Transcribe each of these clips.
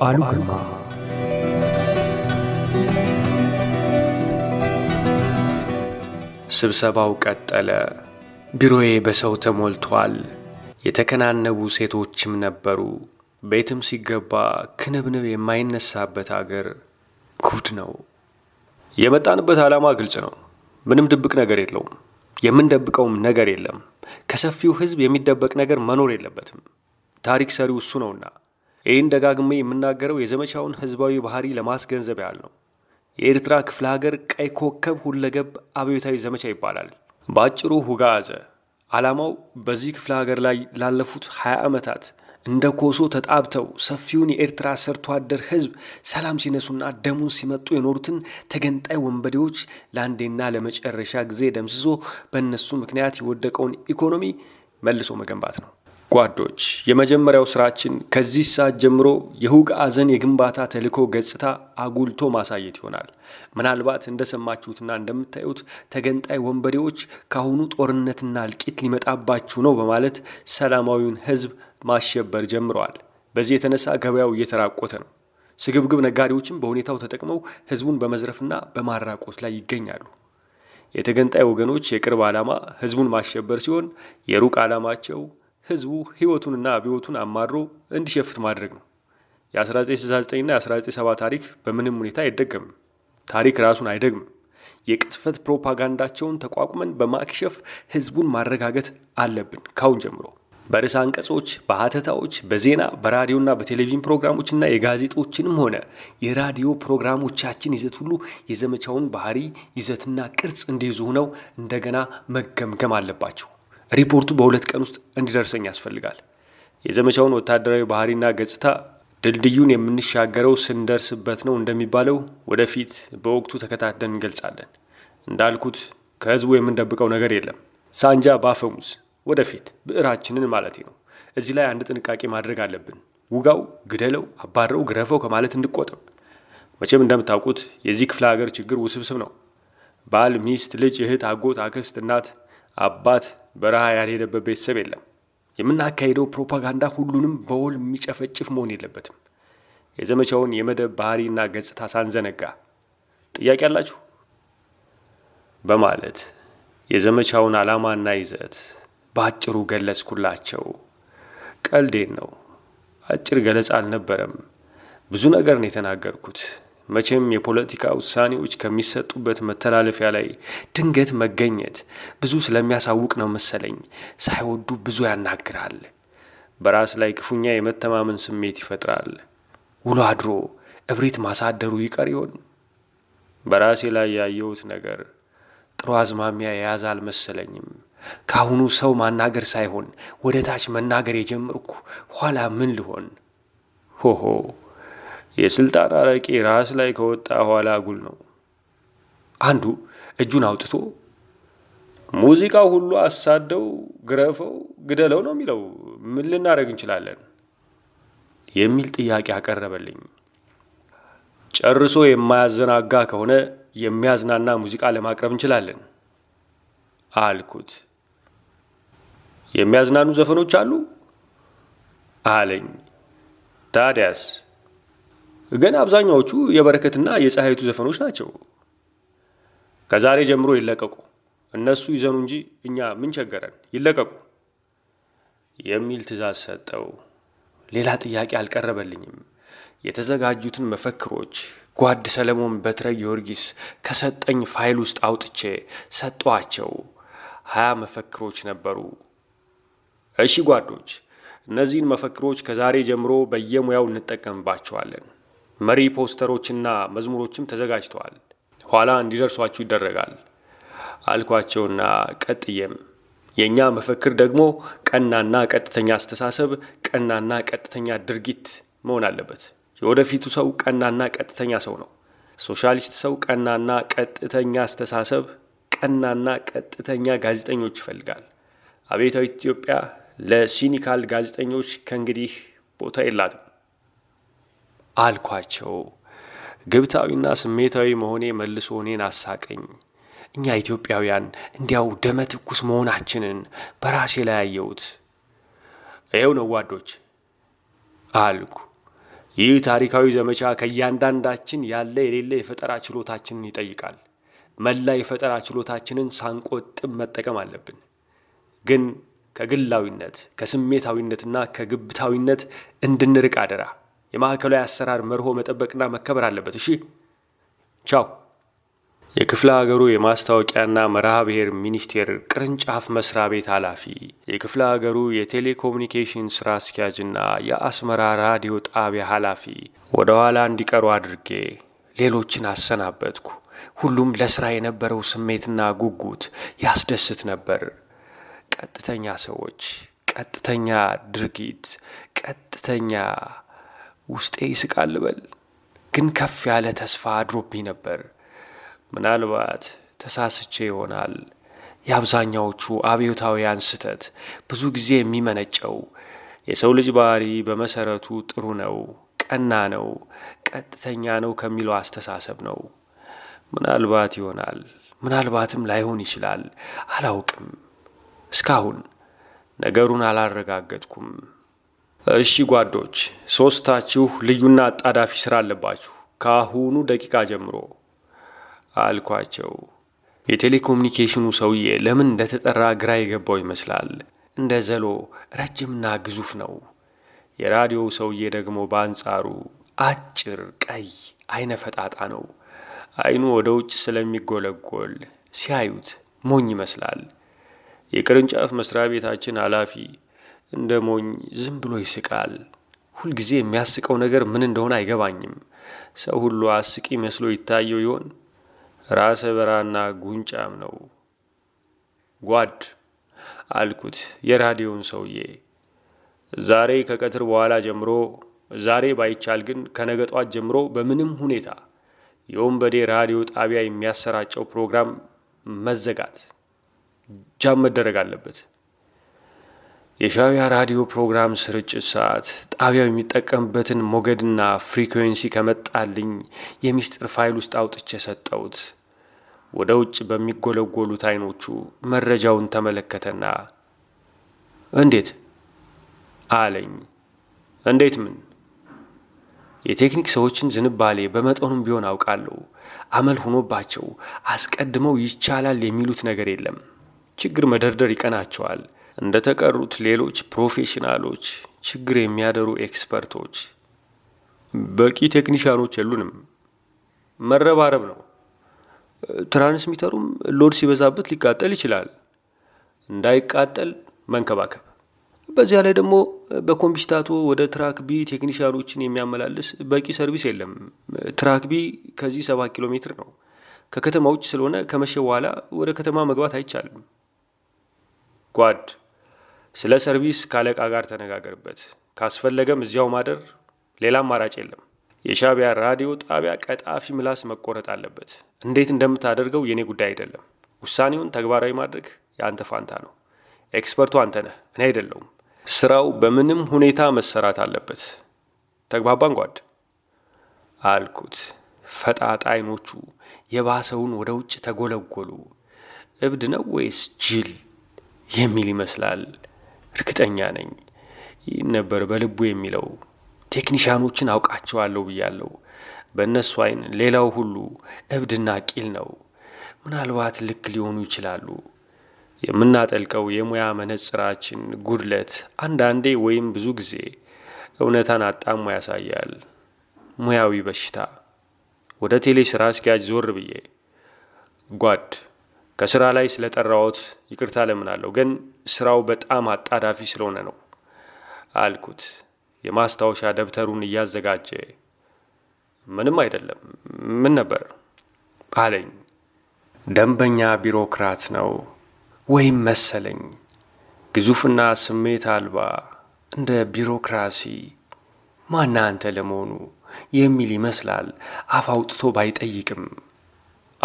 በዓሉ ግርማ ስብሰባው ቀጠለ። ቢሮዬ በሰው ተሞልቷል። የተከናነቡ ሴቶችም ነበሩ። ቤትም ሲገባ ክንብንብ የማይነሳበት አገር ጉድ ነው። የመጣንበት ዓላማ ግልጽ ነው። ምንም ድብቅ ነገር የለውም። የምንደብቀውም ነገር የለም። ከሰፊው ሕዝብ የሚደበቅ ነገር መኖር የለበትም። ታሪክ ሰሪው እሱ ነውና ይህን ደጋግሜ የምናገረው የዘመቻውን ህዝባዊ ባህሪ ለማስገንዘብ ያህል ነው። የኤርትራ ክፍለ ሀገር ቀይ ኮከብ ሁለገብ አብዮታዊ ዘመቻ ይባላል። በአጭሩ ሁጋ ያዘ። ዓላማው በዚህ ክፍለ ሀገር ላይ ላለፉት 20 ዓመታት እንደ ኮሶ ተጣብተው ሰፊውን የኤርትራ ሰርቶ አደር ህዝብ ሰላም ሲነሱና ደሙን ሲመጡ የኖሩትን ተገንጣይ ወንበዴዎች ለአንዴና ለመጨረሻ ጊዜ ደምስሶ በእነሱ ምክንያት የወደቀውን ኢኮኖሚ መልሶ መገንባት ነው። ጓዶች የመጀመሪያው ስራችን ከዚህ ሰዓት ጀምሮ የሁግ አዘን የግንባታ ተልዕኮ ገጽታ አጉልቶ ማሳየት ይሆናል። ምናልባት እንደሰማችሁትና እንደምታዩት ተገንጣይ ወንበዴዎች ከአሁኑ ጦርነትና እልቂት ሊመጣባችሁ ነው በማለት ሰላማዊውን ህዝብ ማሸበር ጀምረዋል። በዚህ የተነሳ ገበያው እየተራቆተ ነው። ስግብግብ ነጋዴዎችም በሁኔታው ተጠቅመው ህዝቡን በመዝረፍና በማራቆት ላይ ይገኛሉ። የተገንጣይ ወገኖች የቅርብ ዓላማ ህዝቡን ማሸበር ሲሆን የሩቅ ዓላማቸው ህዝቡ ህይወቱንና አብዮቱን አማሮ እንዲሸፍት ማድረግ ነው። የ1969ና የ1970 ታሪክ በምንም ሁኔታ አይደገምም። ታሪክ ራሱን አይደግምም። የቅጥፈት ፕሮፓጋንዳቸውን ተቋቁመን በማክሸፍ ህዝቡን ማረጋገጥ አለብን ካሁን ጀምሮ በርዕሰ አንቀጾች፣ በሀተታዎች፣ በዜና በራዲዮና በቴሌቪዥን ፕሮግራሞችና የጋዜጦችንም ሆነ የራዲዮ ፕሮግራሞቻችን ይዘት ሁሉ የዘመቻውን ባህሪ ይዘትና ቅርጽ እንዲይዙ ሆነው እንደገና መገምገም አለባቸው። ሪፖርቱ በሁለት ቀን ውስጥ እንዲደርሰኝ ያስፈልጋል። የዘመቻውን ወታደራዊ ባህሪና ገጽታ ድልድዩን የምንሻገረው ስንደርስበት ነው እንደሚባለው ወደፊት በወቅቱ ተከታተን እንገልጻለን። እንዳልኩት ከህዝቡ የምንደብቀው ነገር የለም። ሳንጃ ባፈሙስ ወደፊት ብዕራችንን ማለት ነው። እዚህ ላይ አንድ ጥንቃቄ ማድረግ አለብን። ውጋው፣ ግደለው፣ አባረው፣ ግረፈው ከማለት እንቆጠብ። መቼም እንደምታውቁት የዚህ ክፍለ ሀገር ችግር ውስብስብ ነው። ባል፣ ሚስት፣ ልጅ፣ እህት፣ አጎት፣ አክስት፣ እናት አባት በረሃ ያልሄደበት ቤተሰብ የለም። የምናካሄደው ፕሮፓጋንዳ ሁሉንም በወል የሚጨፈጭፍ መሆን የለበትም። የዘመቻውን የመደብ ባህሪና ገጽታ ሳንዘነጋ ጥያቄ አላችሁ? በማለት የዘመቻውን ዓላማና ይዘት በአጭሩ ገለጽኩላቸው። ቀልዴን ነው፣ አጭር ገለጻ አልነበረም። ብዙ ነገር ነው የተናገርኩት። መቼም የፖለቲካ ውሳኔዎች ከሚሰጡበት መተላለፊያ ላይ ድንገት መገኘት ብዙ ስለሚያሳውቅ ነው መሰለኝ ሳይወዱ ብዙ ያናግራል። በራስ ላይ ክፉኛ የመተማመን ስሜት ይፈጥራል። ውሎ አድሮ እብሪት ማሳደሩ ይቀር ይሆን? በራሴ ላይ ያየሁት ነገር ጥሩ አዝማሚያ የያዘ አልመሰለኝም። ከአሁኑ ሰው ማናገር ሳይሆን ወደ ታች መናገር የጀመርኩ ኋላ ምን ልሆን ሆሆ የስልጣን አረቄ ራስ ላይ ከወጣ ኋላ አጉል ነው። አንዱ እጁን አውጥቶ ሙዚቃው ሁሉ አሳደው፣ ግረፈው፣ ግደለው ነው የሚለው። ምን ልናደርግ እንችላለን? የሚል ጥያቄ አቀረበልኝ። ጨርሶ የማያዘናጋ ከሆነ የሚያዝናና ሙዚቃ ለማቅረብ እንችላለን አልኩት። የሚያዝናኑ ዘፈኖች አሉ አለኝ። ታዲያስ ግን አብዛኛዎቹ የበረከትና የፀሐይቱ ዘፈኖች ናቸው። ከዛሬ ጀምሮ ይለቀቁ፣ እነሱ ይዘኑ እንጂ እኛ ምን ቸገረን፣ ይለቀቁ የሚል ትእዛዝ ሰጠው። ሌላ ጥያቄ አልቀረበልኝም። የተዘጋጁትን መፈክሮች ጓድ ሰለሞን በትረ ጊዮርጊስ ከሰጠኝ ፋይል ውስጥ አውጥቼ ሰጧቸው። ሀያ መፈክሮች ነበሩ። እሺ ጓዶች፣ እነዚህን መፈክሮች ከዛሬ ጀምሮ በየሙያው እንጠቀምባቸዋለን። መሪ ፖስተሮችና መዝሙሮችም ተዘጋጅተዋል። ኋላ እንዲደርሷችሁ ይደረጋል አልኳቸውና ቀጥዬም የእኛ መፈክር ደግሞ ቀናና ቀጥተኛ አስተሳሰብ፣ ቀናና ቀጥተኛ ድርጊት መሆን አለበት። የወደፊቱ ሰው ቀናና ቀጥተኛ ሰው ነው። ሶሻሊስት ሰው ቀናና ቀጥተኛ አስተሳሰብ፣ ቀናና ቀጥተኛ ጋዜጠኞች ይፈልጋል። አብዮታዊ ኢትዮጵያ ለሲኒካል ጋዜጠኞች ከእንግዲህ ቦታ የላትም። አልኳቸው። ግብታዊና ስሜታዊ መሆኔ መልሶ እኔን አሳቀኝ። እኛ ኢትዮጵያውያን እንዲያው ደመ ትኩስ መሆናችንን በራሴ ላይ አየሁት። ይኸው ነው ጓዶች አልኩ። ይህ ታሪካዊ ዘመቻ ከእያንዳንዳችን ያለ የሌለ የፈጠራ ችሎታችንን ይጠይቃል። መላ የፈጠራ ችሎታችንን ሳንቆጥብ መጠቀም አለብን። ግን ከግላዊነት ከስሜታዊነትና ከግብታዊነት እንድንርቅ አደራ። የማዕከላዊ አሰራር መርሆ መጠበቅና መከበር አለበት። እሺ፣ ቻው። የክፍለ ሀገሩ የማስታወቂያና መርሃ ብሔር ሚኒስቴር ቅርንጫፍ መስሪያ ቤት ኃላፊ፣ የክፍለ ሀገሩ የቴሌኮሙኒኬሽን ስራ አስኪያጅና የአስመራ ራዲዮ ጣቢያ ኃላፊ ወደ ኋላ እንዲቀሩ አድርጌ ሌሎችን አሰናበትኩ። ሁሉም ለስራ የነበረው ስሜትና ጉጉት ያስደስት ነበር። ቀጥተኛ ሰዎች፣ ቀጥተኛ ድርጊት፣ ቀጥተኛ ውስጤ ይስቃል በል። ግን ከፍ ያለ ተስፋ አድሮብኝ ነበር። ምናልባት ተሳስቼ ይሆናል። የአብዛኛዎቹ አብዮታውያን ስህተት ብዙ ጊዜ የሚመነጨው የሰው ልጅ ባህሪ በመሰረቱ ጥሩ ነው፣ ቀና ነው፣ ቀጥተኛ ነው ከሚለው አስተሳሰብ ነው። ምናልባት ይሆናል፣ ምናልባትም ላይሆን ይችላል። አላውቅም። እስካሁን ነገሩን አላረጋገጥኩም። እሺ ጓዶች፣ ሶስታችሁ ልዩና አጣዳፊ ስራ አለባችሁ ከአሁኑ ደቂቃ ጀምሮ አልኳቸው። የቴሌኮሙኒኬሽኑ ሰውዬ ለምን እንደተጠራ ግራ የገባው ይመስላል። እንደ ዘሎ ረጅምና ግዙፍ ነው። የራዲዮው ሰውዬ ደግሞ በአንጻሩ አጭር፣ ቀይ አይነ ፈጣጣ ነው። አይኑ ወደ ውጭ ስለሚጎለጎል ሲያዩት ሞኝ ይመስላል። የቅርንጫፍ መስሪያ ቤታችን ኃላፊ እንደ ሞኝ ዝም ብሎ ይስቃል። ሁልጊዜ የሚያስቀው ነገር ምን እንደሆነ አይገባኝም። ሰው ሁሉ አስቂ መስሎ ይታየው ይሆን? ራሰ በራና ጉንጫም ነው። ጓድ አልኩት የራዲዮውን ሰውዬ። ዛሬ ከቀትር በኋላ ጀምሮ ዛሬ ባይቻል ግን ከነገ ጧት ጀምሮ በምንም ሁኔታ የወንበዴ ራዲዮ ጣቢያ የሚያሰራጨው ፕሮግራም መዘጋት ጃም መደረግ አለበት። የሻቢያ ራዲዮ ፕሮግራም ስርጭት ሰዓት ጣቢያው የሚጠቀምበትን ሞገድና ፍሪኩዌንሲ ከመጣልኝ የሚስጥር ፋይል ውስጥ አውጥቼ ሰጠውት ወደ ውጭ በሚጎለጎሉት አይኖቹ መረጃውን ተመለከተና እንዴት አለኝ። እንዴት ምን? የቴክኒክ ሰዎችን ዝንባሌ በመጠኑም ቢሆን አውቃለሁ። አመል ሆኖባቸው አስቀድመው ይቻላል የሚሉት ነገር የለም። ችግር መደርደር ይቀናቸዋል። እንደተቀሩት ሌሎች ፕሮፌሽናሎች፣ ችግር የሚያደሩ ኤክስፐርቶች፣ በቂ ቴክኒሽያኖች የሉንም። መረባረብ ነው። ትራንስሚተሩም ሎድ ሲበዛበት ሊቃጠል ይችላል። እንዳይቃጠል መንከባከብ። በዚያ ላይ ደግሞ በኮምቢስታቶ ወደ ትራክ ቢ ቴክኒሽያኖችን የሚያመላልስ በቂ ሰርቪስ የለም። ትራክ ቢ ከዚህ ሰባ ኪሎ ሜትር ነው። ከከተማ ውጭ ስለሆነ ከመሸ በኋላ ወደ ከተማ መግባት አይቻልም። ጓድ ስለ ሰርቪስ ካለቃ ጋር ተነጋገርበት። ካስፈለገም እዚያው ማደር፣ ሌላ አማራጭ የለም። የሻቢያ ራዲዮ ጣቢያ ቀጣፊ ምላስ መቆረጥ አለበት። እንዴት እንደምታደርገው የእኔ ጉዳይ አይደለም። ውሳኔውን ተግባራዊ ማድረግ የአንተ ፋንታ ነው። ኤክስፐርቱ አንተ ነህ፣ እኔ አይደለውም። ስራው በምንም ሁኔታ መሰራት አለበት። ተግባባን ጓድ አልኩት። ፈጣጣ አይኖቹ የባሰውን ወደ ውጭ ተጎለጎሉ። እብድ ነው ወይስ ጅል የሚል ይመስላል። እርግጠኛ ነኝ ይህን ነበር በልቡ የሚለው። ቴክኒሽያኖችን አውቃቸዋለሁ ብያለሁ። በእነሱ አይን ሌላው ሁሉ እብድና ቂል ነው። ምናልባት ልክ ሊሆኑ ይችላሉ። የምናጠልቀው የሙያ መነጽራችን ጉድለት አንዳንዴ ወይም ብዙ ጊዜ እውነታን አጣሞ ያሳያል። ሙያዊ በሽታ። ወደ ቴሌ ስራ አስኪያጅ ዞር ብዬ ጓድ ከስራ ላይ ስለጠራዎት ይቅርታ ለምናለሁ፣ ግን ስራው በጣም አጣዳፊ ስለሆነ ነው አልኩት። የማስታወሻ ደብተሩን እያዘጋጀ ምንም አይደለም፣ ምን ነበር አለኝ። ደንበኛ ቢሮክራት ነው ወይም መሰለኝ። ግዙፍና ስሜት አልባ እንደ ቢሮክራሲ ማና አንተ ለመሆኑ የሚል ይመስላል። አፍ አውጥቶ ባይጠይቅም፣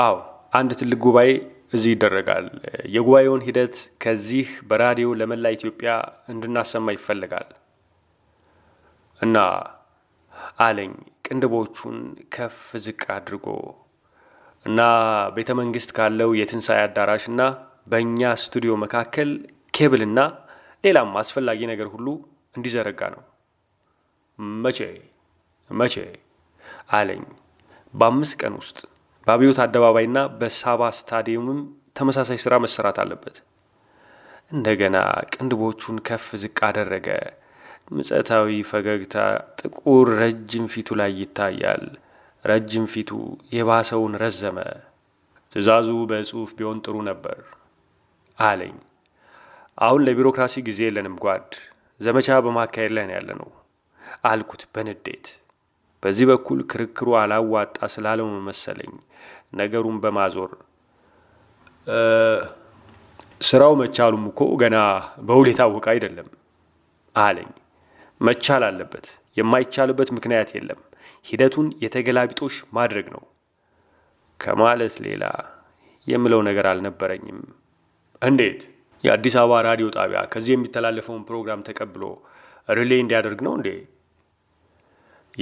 አዎ አንድ ትልቅ ጉባኤ እዚህ ይደረጋል። የጉባኤውን ሂደት ከዚህ በራዲዮ ለመላ ኢትዮጵያ እንድናሰማ ይፈልጋል እና አለኝ ቅንድቦቹን ከፍ ዝቅ አድርጎ እና ቤተ መንግስት ካለው የትንሣኤ አዳራሽ እና በእኛ ስቱዲዮ መካከል ኬብልና ሌላም አስፈላጊ ነገር ሁሉ እንዲዘረጋ ነው። መቼ መቼ አለኝ በአምስት ቀን ውስጥ በአብዮት አደባባይና በሳባ ስታዲየምም ተመሳሳይ ስራ መሰራት አለበት። እንደገና ቅንድቦቹን ከፍ ዝቅ አደረገ። ምጸታዊ ፈገግታ ጥቁር ረጅም ፊቱ ላይ ይታያል። ረጅም ፊቱ የባሰውን ረዘመ። ትዕዛዙ በጽሑፍ ቢሆን ጥሩ ነበር አለኝ። አሁን ለቢሮክራሲ ጊዜ የለንም ጓድ፣ ዘመቻ በማካሄድ ላይ ያለ ነው አልኩት በንዴት። በዚህ በኩል ክርክሩ አላዋጣ ስላለው መሰለኝ ነገሩን በማዞር ስራው መቻሉም እኮ ገና በውል የታወቀ አይደለም አለኝ። መቻል አለበት። የማይቻልበት ምክንያት የለም። ሂደቱን የተገላቢጦሽ ማድረግ ነው ከማለት ሌላ የምለው ነገር አልነበረኝም። እንዴት? የአዲስ አበባ ራዲዮ ጣቢያ ከዚህ የሚተላለፈውን ፕሮግራም ተቀብሎ ሪሌ እንዲያደርግ ነው እንዴ?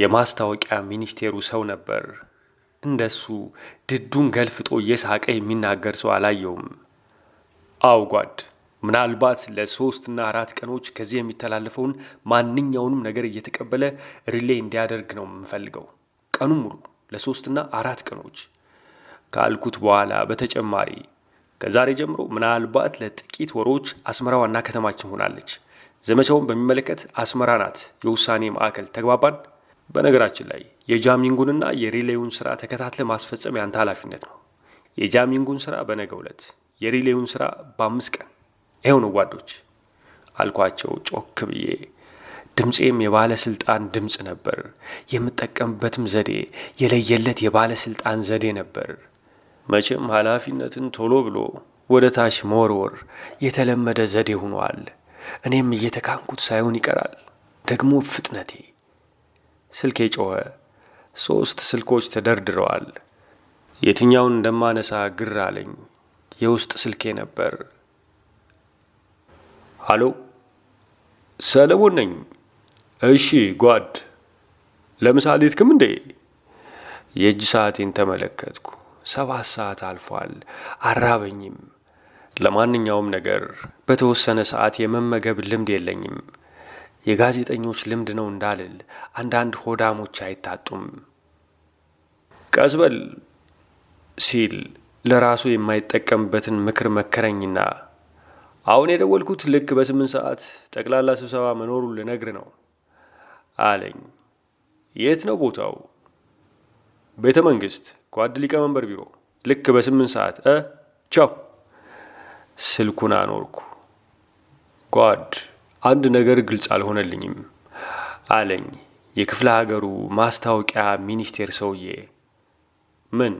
የማስታወቂያ ሚኒስቴሩ ሰው ነበር እንደሱ ድዱን ገልፍጦ እየሳቀ የሚናገር ሰው አላየውም። አውጓድ ምናልባት ለሶስትና አራት ቀኖች ከዚህ የሚተላለፈውን ማንኛውንም ነገር እየተቀበለ ሪሌ እንዲያደርግ ነው የምፈልገው። ቀኑ ሙሉ ለሶስትና አራት ቀኖች ካልኩት በኋላ በተጨማሪ ከዛሬ ጀምሮ ምናልባት ለጥቂት ወሮች አስመራ ዋና ከተማችን ሆናለች። ዘመቻውን በሚመለከት አስመራ ናት የውሳኔ ማዕከል። ተግባባን። በነገራችን ላይ የጃሚንጉንና የሪሌውን ስራ ተከታትለ ማስፈጸም ያንተ ኃላፊነት ነው። የጃሚንጉን ስራ በነገ ዕለት፣ የሪሌውን ስራ በአምስት ቀን። ይኸው ነው ጓዶች አልኳቸው ጮክ ብዬ። ድምፄም የባለስልጣን ድምፅ ነበር። የምጠቀምበትም ዘዴ የለየለት የባለስልጣን ዘዴ ነበር። መቼም ኃላፊነትን ቶሎ ብሎ ወደ ታች መወርወር የተለመደ ዘዴ ሆኗል። እኔም እየተካንኩት ሳይሆን ይቀራል። ደግሞ ፍጥነቴ ስልኬ ጮኸ። ሦስት ስልኮች ተደርድረዋል። የትኛውን እንደማነሳ ግር አለኝ። የውስጥ ስልኬ ነበር። አሎ፣ ሰለሞን ነኝ። እሺ ጓድ፣ ለምሳ አልሄድክም እንዴ? የእጅ ሰዓቴን ተመለከትኩ። ሰባት ሰዓት አልፏል። አራበኝም። ለማንኛውም ነገር በተወሰነ ሰዓት የመመገብ ልምድ የለኝም። የጋዜጠኞች ልምድ ነው እንዳልል አንዳንድ ሆዳሞች አይታጡም። ቀዝበል ሲል ለራሱ የማይጠቀምበትን ምክር መከረኝና አሁን የደወልኩት ልክ በስምንት ሰዓት ጠቅላላ ስብሰባ መኖሩን ልነግር ነው አለኝ። የት ነው ቦታው? ቤተ መንግስት ጓድ ሊቀመንበር ቢሮ። ልክ በስምንት ሰዓት ቻው። ስልኩን አኖርኩ። ጓድ አንድ ነገር ግልጽ አልሆነልኝም አለኝ የክፍለ ሀገሩ ማስታወቂያ ሚኒስቴር ሰውዬ። ምን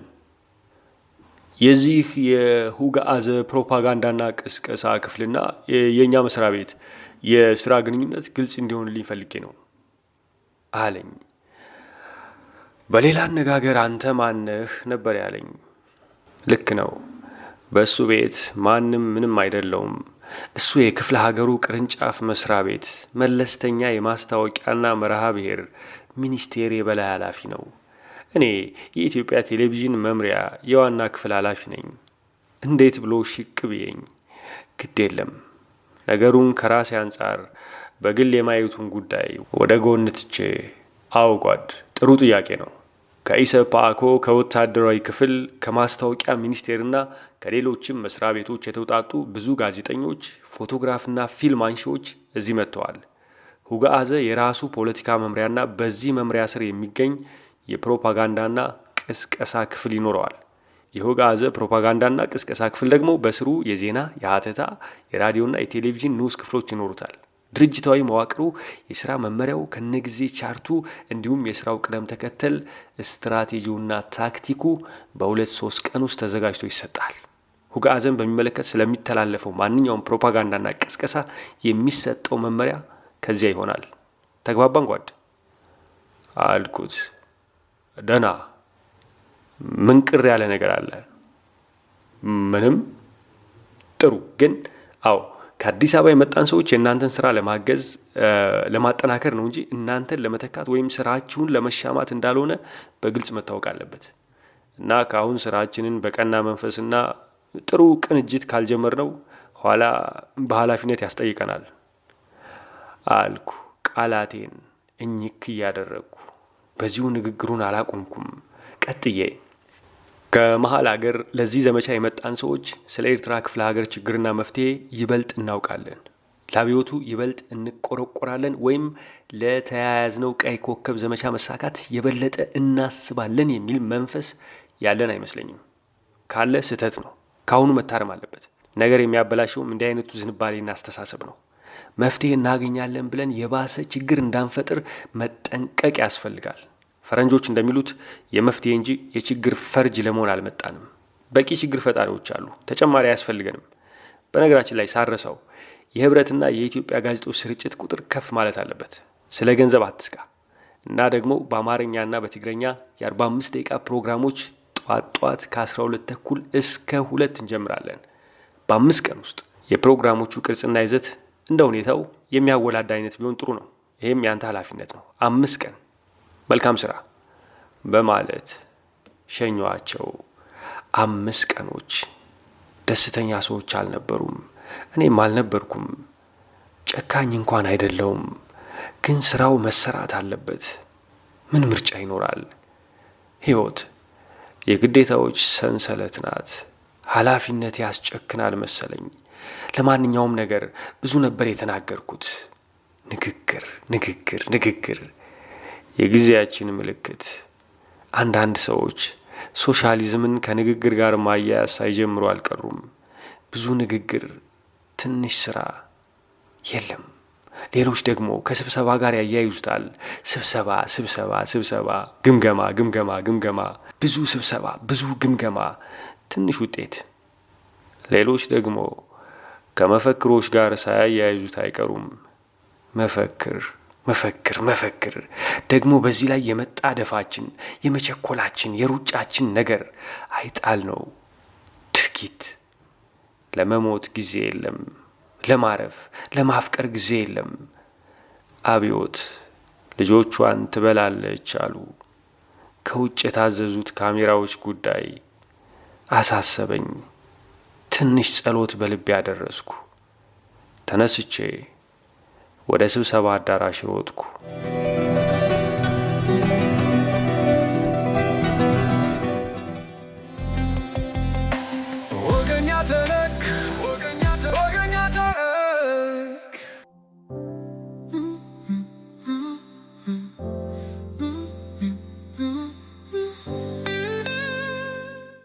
የዚህ የሁጋአዘ ፕሮፓጋንዳና ቅስቀሳ ክፍልና የእኛ መስሪያ ቤት የስራ ግንኙነት ግልጽ እንዲሆንልኝ ፈልጌ ነው አለኝ። በሌላ አነጋገር አንተ ማነህ ነበር ያለኝ። ልክ ነው። በእሱ ቤት ማንም ምንም አይደለውም። እሱ የክፍለ ሀገሩ ቅርንጫፍ መስሪያ ቤት መለስተኛ የማስታወቂያና መርሃ ብሔር ሚኒስቴር የበላይ ኃላፊ ነው። እኔ የኢትዮጵያ ቴሌቪዥን መምሪያ የዋና ክፍል ኃላፊ ነኝ። እንዴት ብሎ ሽቅ ብየኝ፣ ግድ የለም ነገሩን ከራሴ አንጻር በግል የማየቱን ጉዳይ ወደ ጎን ትቼ አውጓድ ጥሩ ጥያቄ ነው ከኢሰፓኮ ከወታደራዊ ክፍል ከማስታወቂያ ሚኒስቴርና ከሌሎችም መስሪያ ቤቶች የተውጣጡ ብዙ ጋዜጠኞች፣ ፎቶግራፍና ፊልም አንሺዎች እዚህ መጥተዋል። ሁጋአዘ የራሱ ፖለቲካ መምሪያና በዚህ መምሪያ ስር የሚገኝ የፕሮፓጋንዳና ቅስቀሳ ክፍል ይኖረዋል። የሁገአዘ ፕሮፓጋንዳና ቅስቀሳ ክፍል ደግሞ በስሩ የዜና፣ የሀተታ፣ የራዲዮና የቴሌቪዥን ንዑስ ክፍሎች ይኖሩታል። ድርጅታዊ መዋቅሩ፣ የስራ መመሪያው ከነጊዜ ቻርቱ እንዲሁም የስራው ቅደም ተከተል ስትራቴጂውና ታክቲኩ በሁለት ሶስት ቀን ውስጥ ተዘጋጅቶ ይሰጣል። ሁግአዘን በሚመለከት ስለሚተላለፈው ማንኛውም ፕሮፓጋንዳና ቀስቀሳ የሚሰጠው መመሪያ ከዚያ ይሆናል። ተግባባን ጓድ አልኩት። ደና ምን ቅር ያለ ነገር አለ? ምንም። ጥሩ ግን አዎ ከአዲስ አበባ የመጣን ሰዎች የእናንተን ስራ ለማገዝ ለማጠናከር ነው እንጂ እናንተን ለመተካት ወይም ስራችሁን ለመሻማት እንዳልሆነ በግልጽ መታወቅ አለበት እና ከአሁን ስራችንን በቀና መንፈስና ጥሩ ቅንጅት ካልጀመርነው ኋላ በኃላፊነት ያስጠይቀናል አልኩ። ቃላቴን እኝክ እያደረግኩ በዚሁ ንግግሩን አላቆምኩም። ቀጥዬ ከመሀል ሀገር ለዚህ ዘመቻ የመጣን ሰዎች ስለ ኤርትራ ክፍለ ሀገር ችግርና መፍትሄ ይበልጥ እናውቃለን። ለአብዮቱ ይበልጥ እንቆረቆራለን፣ ወይም ለተያያዝነው ቀይ ኮከብ ዘመቻ መሳካት የበለጠ እናስባለን የሚል መንፈስ ያለን አይመስለኝም። ካለ ስህተት ነው፣ ከአሁኑ መታረም አለበት። ነገር የሚያበላሸውም እንዲህ አይነቱ ዝንባሌና አስተሳሰብ ነው። መፍትሄ እናገኛለን ብለን የባሰ ችግር እንዳንፈጥር መጠንቀቅ ያስፈልጋል። ፈረንጆች እንደሚሉት የመፍትሄ እንጂ የችግር ፈርጅ ለመሆን አልመጣንም። በቂ ችግር ፈጣሪዎች አሉ፣ ተጨማሪ አያስፈልገንም። በነገራችን ላይ ሳረሰው የህብረትና የኢትዮጵያ ጋዜጦች ስርጭት ቁጥር ከፍ ማለት አለበት። ስለ ገንዘብ አትስቃ እና ደግሞ በአማርኛና በትግረኛ የ45 ደቂቃ ፕሮግራሞች ጠዋት ጠዋት ከ12 ተኩል እስከ ሁለት እንጀምራለን። በአምስት ቀን ውስጥ የፕሮግራሞቹ ቅርጽና ይዘት እንደ ሁኔታው የሚያወላድ አይነት ቢሆን ጥሩ ነው። ይህም የአንተ ኃላፊነት ነው። አምስት ቀን መልካም ስራ በማለት ሸኟቸው። አምስት ቀኖች ደስተኛ ሰዎች አልነበሩም። እኔም አልነበርኩም። ጨካኝ እንኳን አይደለውም፣ ግን ስራው መሰራት አለበት። ምን ምርጫ ይኖራል? ሕይወት የግዴታዎች ሰንሰለት ናት። ኃላፊነት ያስጨክናል መሰለኝ። ለማንኛውም ነገር ብዙ ነበር የተናገርኩት። ንግግር፣ ንግግር፣ ንግግር የጊዜያችን ምልክት። አንዳንድ ሰዎች ሶሻሊዝምን ከንግግር ጋር ማያያዝ ሳይጀምሩ አልቀሩም። ብዙ ንግግር፣ ትንሽ ስራ የለም። ሌሎች ደግሞ ከስብሰባ ጋር ያያይዙታል። ስብሰባ ስብሰባ ስብሰባ፣ ግምገማ ግምገማ ግምገማ፣ ብዙ ስብሰባ፣ ብዙ ግምገማ፣ ትንሽ ውጤት። ሌሎች ደግሞ ከመፈክሮች ጋር ሳያያይዙት አይቀሩም። መፈክር መፈክር መፈክር ደግሞ በዚህ ላይ የመጣደፋችን የመቸኮላችን የሩጫችን ነገር አይጣል ነው ድርጊት። ለመሞት ጊዜ የለም፣ ለማረፍ ለማፍቀር ጊዜ የለም። አብዮት ልጆቿን ትበላለች አሉ። ከውጭ የታዘዙት ካሜራዎች ጉዳይ አሳሰበኝ። ትንሽ ጸሎት በልቤ ያደረስኩ ተነስቼ ወደ ስብሰባ አዳራሽ ሮጥኩ።